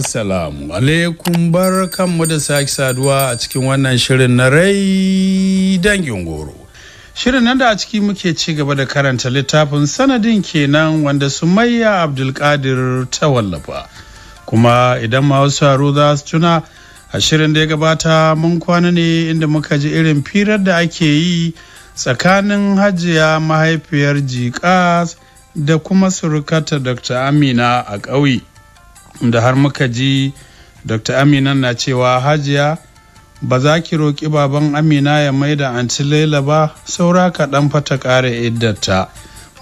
Assalamu alaikum bar mu da sake saduwa a cikin wannan shirin na rai dangin goro. Shirin nan da a ciki muke ci gaba da karanta littafin sanadin kenan wanda Sumayya Abdulkadir ta wallafa. Kuma idan ma wasu haru za su tuna a shirin da ya gabata mun kwana ne inda muka ji irin firar da ake yi tsakanin hajiya mahaifiyar jikas da kuma surukata Dr. Amina a ƙauye. da har muka ji dr amina na cewa hajiya ba za ki roƙi baban amina ya maida anti laila ba saura kaɗan fata ƙara iddata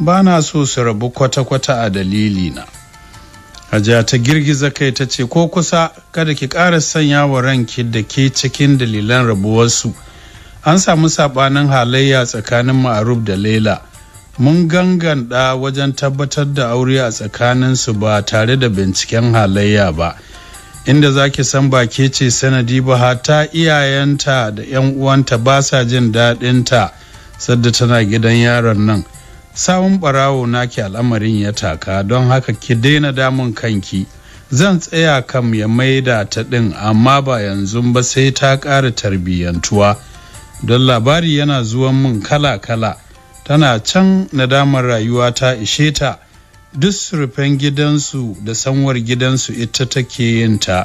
ba na so su rabu kwata-kwata a dalili na. hajiya ta girgiza kai ta ce ko kusa kada ki ƙara sanya wa ranki da ke cikin dalilan rabuwarsu an samu saɓanin halayya tsakanin ma'aruf da laila mun ganganɗa wajen tabbatar da aure a tsakaninsu ba tare da binciken halayya ba inda zaki san ba ke ce sanadi ba hata iyayenta da 'yan uwanta ba sa jin daɗinta sadda tana gidan yaron nan sawun ɓarawo naki al'amarin ya taka don haka ki daina damun kanki zan tsaya kam ya maida ta ɗin amma ba yanzu ba sai ta ƙara tarbiyyantuwa don labari yana zuwan mun kala-kala tana can nadamar rayuwa ta ishe ta duk rufen gidansu da sanwar gidansu ita take yin ta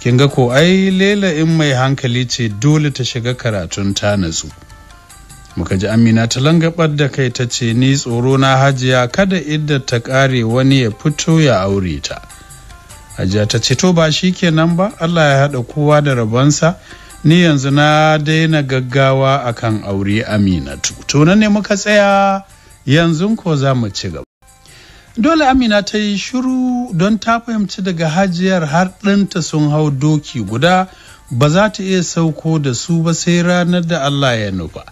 kin ga ko ai lela in mai hankali ce dole ta shiga karatun ta natsu muka ji amina ta langabar da kai ta ce ni tsoro na hajiya kada idda ta kare wani ya fito ya aure ta hajiya ta ce to ba shi kenan ba allah ya haɗa kowa da rabonsa ni yanzu na daina gaggawa akan aure Amina to nan ne muka tsaya yanzu ko za mu ci gaba dole amina ta yi shiru don ta fahimci daga hajiyar har ɗinta sun hau doki guda ba za ta iya sauko da su ba sai ranar da allah ya nufa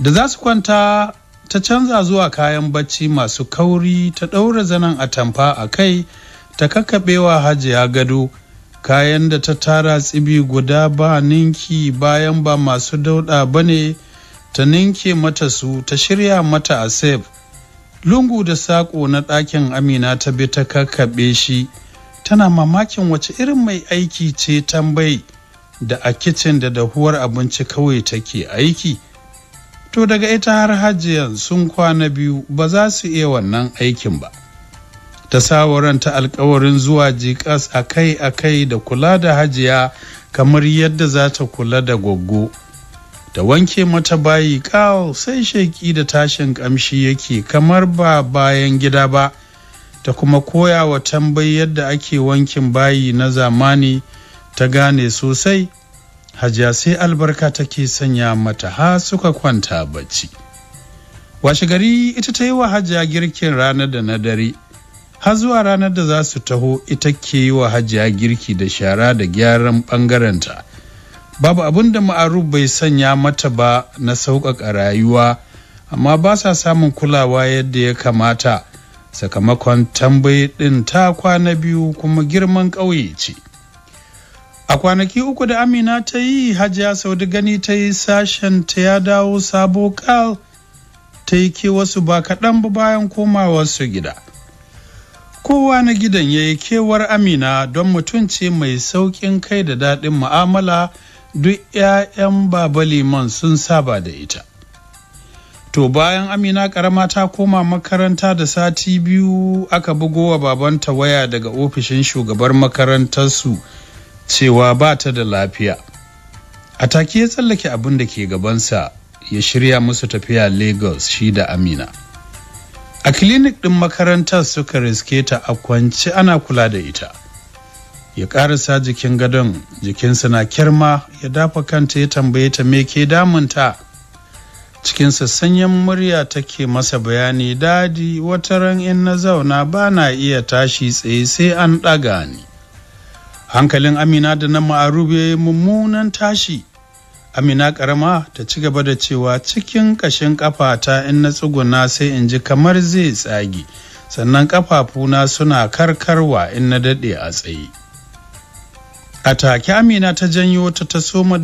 da za su kwanta ta canza zuwa kayan bacci masu kauri ta ɗaura zanen atamfa a kai ta kakkaɓewa hajiya gado kayan da ta tara tsibi guda ba ninki bayan ba masu dauɗa ba ne ta ninke mata su ta shirya mata a sef lungu da saƙo na ɗakin amina ta bi ta kakkaɓe shi tana mamakin wace irin mai aiki ce tambayi da a kicin da dahuwar abinci kawai take aiki to daga ita har hajiyan sun kwana biyu ba za su iya wannan aikin ba Ta sawaran ta alkawarin zuwa jikas akai-akai da kula da hajiya kamar yadda za ta kula da goggo. da wanke mata bayi kawo sai sheki da tashin kamshi yake kamar ba bayan gida ba ta kuma koya wa tambayi yadda ake wankin bayi na zamani ta gane sosai hajiya sai albarka take sanya mata ha suka kwanta bacci washe gari ita ta yi wa hajiya girkin ranar da na dare har zuwa ranar da za su taho ita ke yi wa hajiya girki da shara da gyaran ɓangarenta babu abin da ma'aruf bai sanya mata ba na sauƙaƙa rayuwa amma ba sa samun kulawa yadda ya kamata sakamakon tambayi ɗin ta kwana biyu kuma girman ƙauye ce a kwanaki uku da amina ta yi hajiya saudi gani ta yi sashen ta ya dawo sabo kal ta yi ke wasu ba kaɗan bayan komawarsu gida kowa na gidan ya yi kewar amina don mutunci mai sauƙin kai da daɗin mu'amala duk 'ya'yan baba liman sun saba da ita to bayan amina ƙarama ta koma makaranta da sati biyu aka bugowa babanta waya daga ofishin shugabar makarantarsu cewa ba ta da lafiya a take ya tsallake abin da ke gabansa ya shirya musu tafiya lagos shi da amina a clinic ɗin makarantar suka riske ta a kwance ana kula da ita ya karasa jikin gadon jikinsa na kirma ya dafa kanta ya tambaye ta me ke damunta cikinsa sanyin murya take masa bayani dadi wata ran in na zauna ba na iya tashi tsaye sai an ɗaga ni hankalin amina da na ma'arube mummunan tashi amina karama ta ci gaba da cewa cikin ƙashin ƙafata in na tsuguna sai in ji kamar zai tsagi sannan ƙafafuna suna karkarwa in na daɗe a tsaye a take amina ta janyo ta taso soma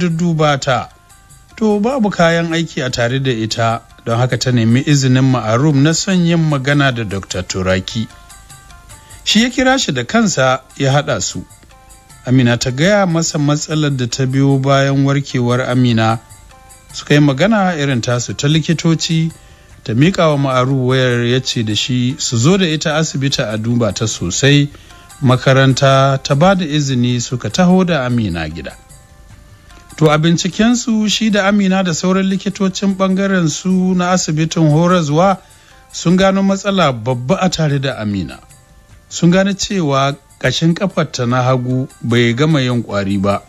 ta to babu kayan aiki a tare da ita don haka ta nemi izinin ma'arum na son yin magana da dr turaki shi ya kira shi da kansa ya haɗa su amina ta gaya masa matsalar da ta biyo bayan warkewar amina suka yi magana irin tasu ta likitoci ta miƙa wa ma'aru wayar ya ce da shi su zo da ita asibiti a duba ta sosai makaranta ta ba da izini suka taho da amina gida to a bincikensu shi da amina da sauran likitocin ɓangaren su na asibitin horazwa sun gano matsala babba a tare da amina sun gane cewa ƙashin ta na hagu bai gama yin ƙwari ba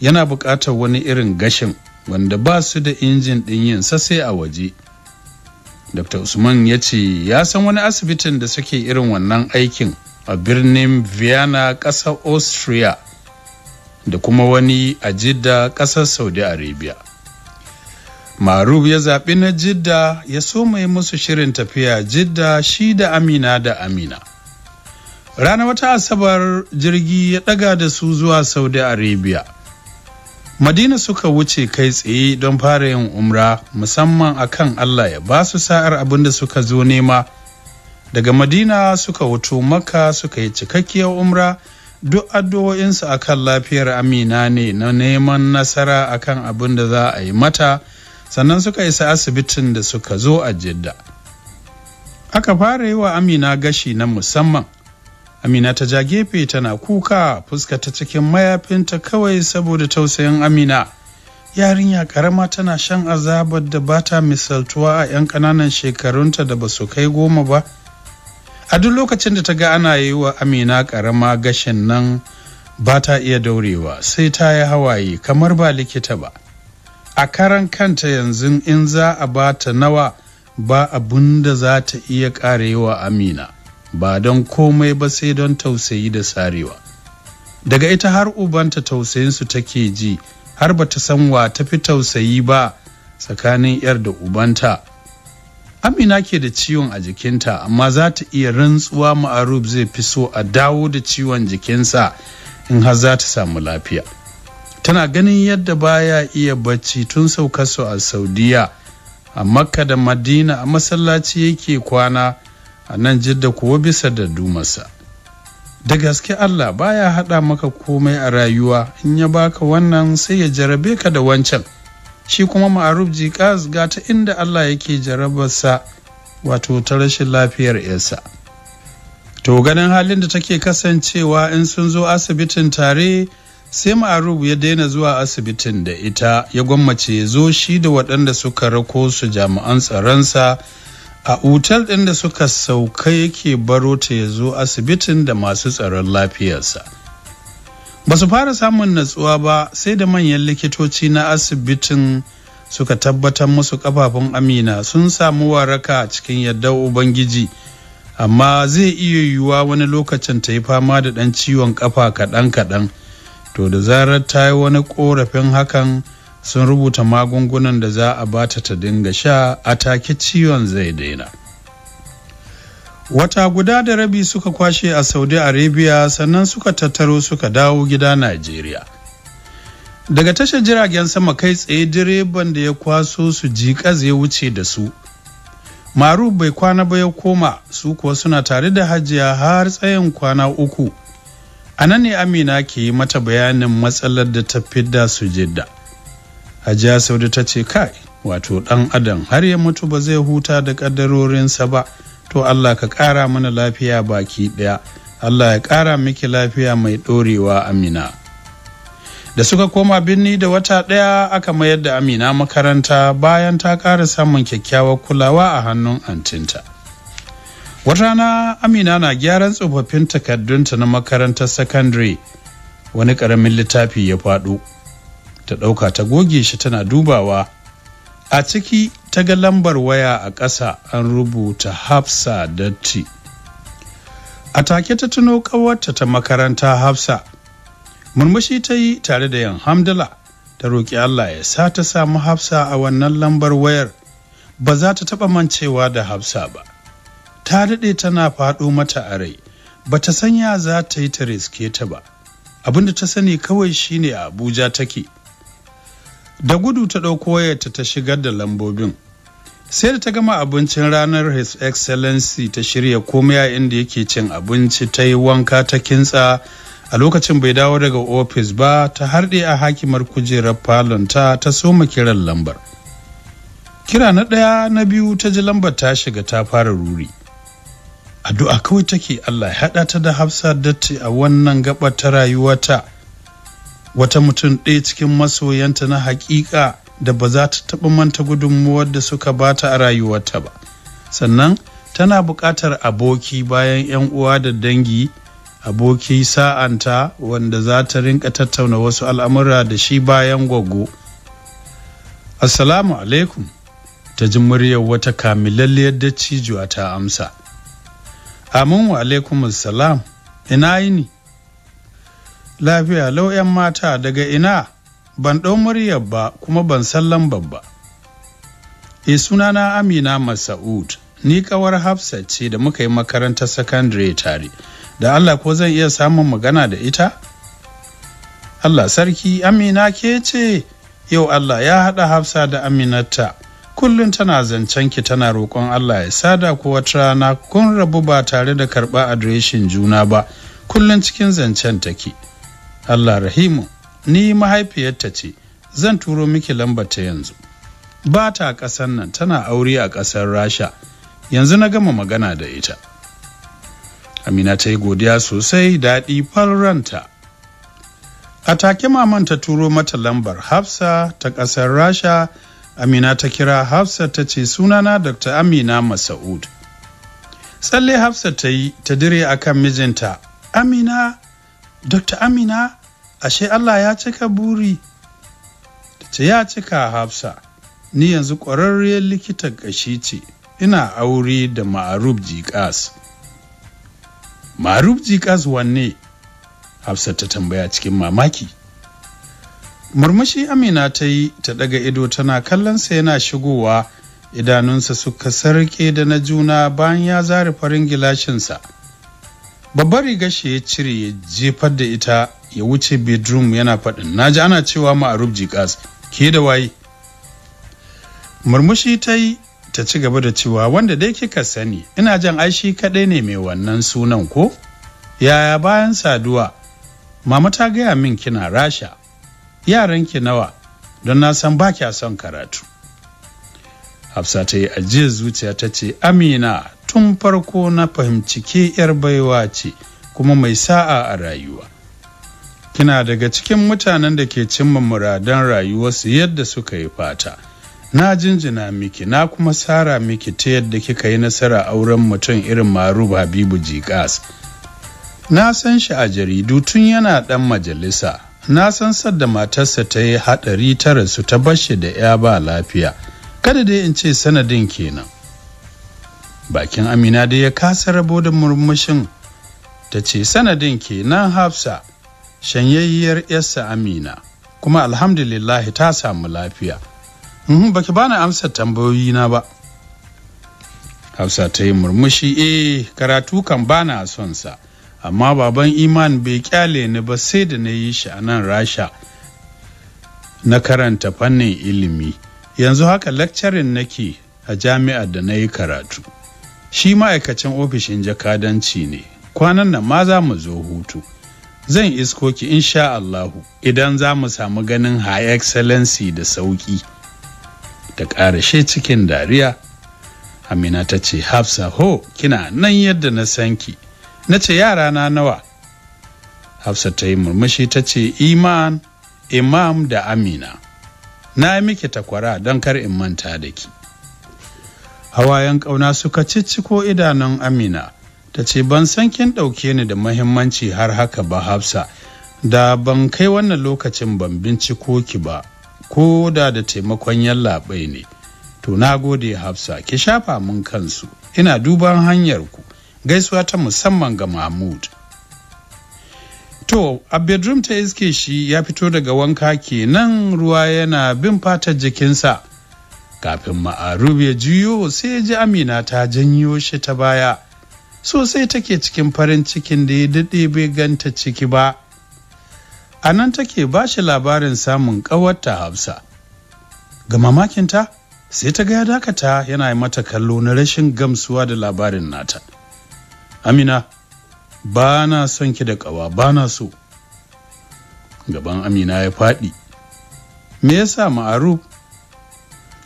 yana buƙatar wani irin gashin wanda ba su da injin ɗin yin sai a waje dr usman ya ce ya san wani asibitin da suke irin wannan aikin a birnin vienna ƙasar austria da kuma wani a jidda ƙasar saudi arabia maruf ya zaɓi na jidda ya so mai musu shirin tafiya jidda shi da amina da amina ranar wata asabar jirgi ya daga da su zuwa saudi arabia madina suka wuce kai tsaye don fara yin umra musamman akan allah ya ba su sa'ar abin da suka zo nema daga madina suka wuto maka suka yi cikakkiyar umra duk addu'o'insu akan lafiyar amina ne na neman nasara akan abin da za a yi mata sannan suka isa asibitin da suka zo a jidda aka fara yi wa amina gashi na musamman amina ta ja gefe tana kuka fuska ta cikin mayafinta kawai saboda tausayin amina yarinya karama tana shan azabar da ba ta misaltuwa a 'yan ƙananan shekarunta da ba su kai goma ba a duk lokacin da ta ga ana yi wa amina karama gashin nan ba ta iya daurewa sai ta yi hawaye kamar ba likita ba a karan kanta yanzu in za a ba ta nawa ba abun da za ta iya karewa amina ba don komai ba sai don tausayi da sarewa daga ita har ubanta tausayinsu take ji har ba ta san wa ta fi tausayi ba tsakanin yar da ubanta amina ke da ciwon a jikinta amma za ta iya rantsuwa ma'aruf zai fi so a dawo da ciwon jikinsa in har za ta samu lafiya tana ganin yadda baya iya bacci tun su a saudiya a makka da madina a masallaci yake kwana a nan jidda kuwa bisa da dumarsa da gaske Allah baya haɗa maka komai a rayuwa in ya baka wannan sai ya jarabe ka da wancan shi kuma ma'aruf jikas ga ta inda Allah yake jarabarsa wato ta rashin lafiyar yarsa to ganin halin da take kasancewa in sun zo asibitin tare sai ma'aruf ya daina zuwa asibitin da ita ya gwammace ya zo shi da waɗanda suka rako su jami'an tsaronsa a otal ɗin da suka sauka yake baro ta ya zo asibitin da masu tsaron lafiyarsa ba su fara samun natsuwa ba sai da manyan likitoci na asibitin suka tabbatar musu kafafun amina sun samu waraka cikin yadda ubangiji amma zai iya yiwuwa wani lokacin ta yi fama da ɗan ciwon kafa kaɗan-kaɗan to da zarar ta yi wani ƙorafin hakan sun rubuta magungunan da za a bata ta dinga sha a take ciwon zai daina wata guda da rabi suka kwashe a saudi arabia sannan suka tattaro suka dawo gida najeriya daga tashar jiragen sama kai tsaye direban da ya kwaso su ji ya wuce da su maru bai kwana ba ya koma su kuwa suna tare da hajiya har tsayin kwana uku a ne amina ke yi mata bayanin matsalar da ta fidda su jidda hajiya saudi ta ce kai wato ɗan adam har ya mutu ba zai huta da ƙaddarorinsa ba to allah ka ƙara mana lafiya baki ɗaya, allah ya ƙara miki lafiya mai ɗorewa amina da suka koma birni da wata ɗaya aka mayar da amina makaranta bayan ta ƙara samun kyakkyawar kulawa a hannun antinta wata rana amina na gyaran tsofaffin takardunta na makarantar sakandare wani ƙaramin littafi ya faɗo ta ɗauka ta goge shi tana dubawa a ciki ta ga lambar waya a ƙasa an rubuta hafsa datti a take ta tuno ƙawarta ta makaranta hafsa murmushi ta yi tare da yan hamdala ta roƙi allah ya sa ta samu hafsa a wannan lambar wayar ba za ta taɓa mancewa da hafsa ba ta daɗe tana faɗo mata a rai ba ta sanya za ta yi ta riske ta ba abinda ta sani kawai shine a abuja take da gudu ta ɗauko wayarta ta shigar da lambobin sai da ta gama abincin ranar his excellency ta shirya komai a inda yake cin abinci ta yi wanka ta kintsa a lokacin bai dawo daga ofis ba ta harɗe a hakimar kujerar falonta ta soma kiran lambar kira na ɗaya na biyu ta ji lambar ta shiga ta fara ruri addu'a kawai take allah ya haɗa ta da hafsa datti a wannan gaɓar ta rayuwata wata mutum ɗaya cikin masoyanta na haƙiƙa da ba za ta taɓa manta gudunmuwar da suka bata a rayuwarta ba sannan tana buƙatar aboki bayan 'yan uwa da dangi aboki sa'anta wanda za ta rinka tattauna wasu al'amura da shi bayan gwaggo assalamu alaikum ta ji muryar wata kamilalliyar cijuwa ta amsa amin wa alaikum assalam ina yini lafiya lau 'yan mata daga ina ban ɗau muryar ba kuma ban san lambar ba e sunana amina masa'ud ni kawar hafsa ce da muka yi makarantar sakandare tare da allah ko zan iya samun magana da ita allah sarki amina ke ce yau allah ya haɗa hafsa da Aminata. kullum tana zancen ki tana roƙon allah ya sada ko wata rana kun rabu ba tare da karɓa adireshin juna ba kullum cikin zancen take. Allah rahimu ni mahaifiyarta ce zan turo miki lambar ta yanzu ba ta ƙasar nan tana aure a ƙasar rasha yanzu na gama magana da ita amina ta yi godiya sosai daɗi ranta. a take maman ta turo mata lambar hafsa ta ƙasar rasha amina ta kira hafsa ta ce sunana dr amina masa'ud tsalle hafsa ta yi ta dire akan mijinta amina Dr. Amina, ashe Allah ya cika buri? Da ce ya cika Hafsa, ni yanzu ƙwararriyar likitan ƙashi ce, ina aure da Ma'aruf Jikas. Ma'aruf Jikas wanne? Hafsa ta tambaya cikin mamaki. Murmushi Amina ta yi ta ɗaga ido tana kallonsa yana shigowa idanunsa suka sarƙe da na juna bayan ya zare farin gilashinsa. babbar rigar shi ya cire ya jefar da ita ya wuce bedroom yana faɗin na ji ana cewa ma'aruf jikas ke da waye murmushi ta yi ta ci gaba da cewa wanda dai kika sani ina jan aishi kaɗai ne mai wannan sunan ko yaya bayan saduwa mama ta gaya min kina rasha Yaran ki nawa don na san ba kya son karatu hafsa ta yi ajiyar zuciya ta ce amina tun farko na fahimci ke 'yar baiwa ce kuma mai sa'a a rayuwa kina daga cikin mutanen da ke cimma muradan rayuwarsu yadda suka yi fata na jinjina miki na kuma sara miki ta yadda kika yi nasara auren mutum irin marub habibu jikas na san shi a jaridu tun yana ɗan majalisa na san sadda matarsa ta yi haɗari ta rasu ta bashi da ya ba lafiya kada dai in ce sanadin kenan bakin amina da ya kasa rabo da murmushin ta ce sanadin kenan hafsa shanyayyiyar yarsa amina kuma alhamdulillahi ta samu lafiya mm baki bani amsa tambayoyi na ba hafsa ta yi murmushi eh karatu kan bana son sa amma baban iman bai kyale ni ba sai da na yi shi a nan rasha na karanta fannin ilimi yanzu haka lakcarin nake a jami'ar da na yi karatu shi ma'aikacin ofishin jakadanci ne kwanan nan ma za mu zo hutu zan isko ki insha Allahu idan za mu samu ganin high excellency da sauƙi da ƙarashe cikin dariya Amina ta ce Hafsa ho kina nan yadda na san ki na ce yara na nawa Hafsa ta yi murmushi ta ce iman imam da amina na yi miki takwara don kar in manta da ki hawayen ƙauna suka cicciko idanun amina ta ce ban san kin ɗauke ni da mahimmanci har haka ba hafsa da ban kai wannan lokacin ban binciko ki ba ko da da taimakon yallaɓai ne to na gode hafsa ki shafa mun kansu ina duban hanyar ku gaisuwa ta musamman ga mahmud to a bedroom ta iske shi ya fito daga wanka kenan ruwa yana bin fatar jikinsa kafin ma'arub ya juyo sai ya ji amina ta janyo shi ta baya sosai take cikin farin cikin da ya daɗe bai ganta ciki ba a nan take ba shi labarin samun ƙawarta hafsa ga mamakinta sai ta ga ya dakata yana mata kallo na rashin gamsuwa da labarin nata amina ba na son ki da ƙawa ba na so gaban amina ya faɗi me yasa ma'aruf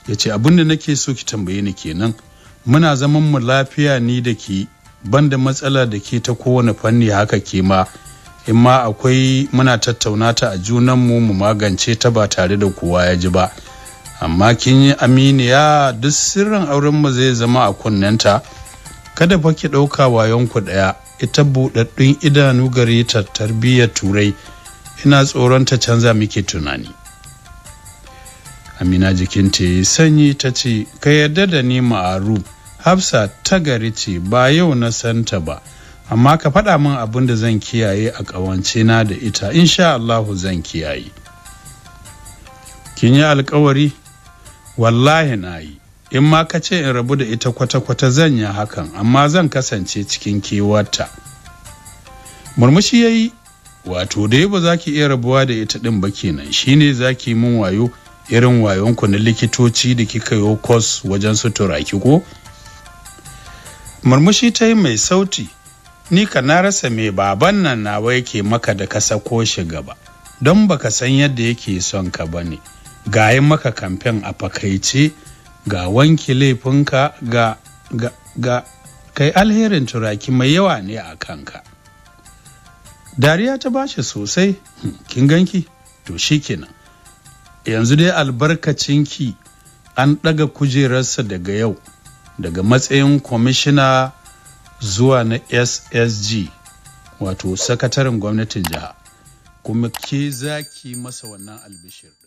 ya ce abin da nake so ki tambaye ni kenan muna zaman mu lafiya ni da ki banda matsala da ke ta kowane fanni haka ke ma in ma akwai muna tattauna ta a junan mu mu magance ta ba tare da kowa ya ji ba amma kin yi aminiya duk sirrin auren mu zai zama a ta kada fa ki ɗauka wayon ku ɗaya ita buɗaɗɗun idanu gare ta tarbiyyar turai ina tsoron ta canza muke tunani amina jikin ta ya sanyi ta ce ka yarda da ni ma'aru hafsa ta gari ce ba yau na santa ba amma ka faɗa min abin da zan kiyaye a ƙawance na da ita insha Allahu zan kiyaye kin yi alkawari wallahi na yi in ma ka ce in rabu da ita kwata-kwata zan yi hakan amma zan kasance cikin kewarta murmushi ya yi wato dai ba za ki iya rabuwa da ita ɗin ba kenan shine za ki min wayo irin wayonku na likitoci da kika yi kos wajen su turaki ko murmushi ta yi mai sauti ni ka na rasa mai baban nan nawa yake maka da ka sako shi gaba don ba ka san yadda yake son ka ne, ga yi maka kamfen a fakaice ga wanki laifinka ga ga ga kai alherin turaki mai yawa ne a kanka dariya ta bashi sosai hm, kin ganki to shi shikenan yanzu dai albarkacin ki an ɗaga kujerarsa daga yau daga matsayin kwamishina zuwa na ssg wato sakataren gwamnatin jiha kuma ke zaki masa wannan albishir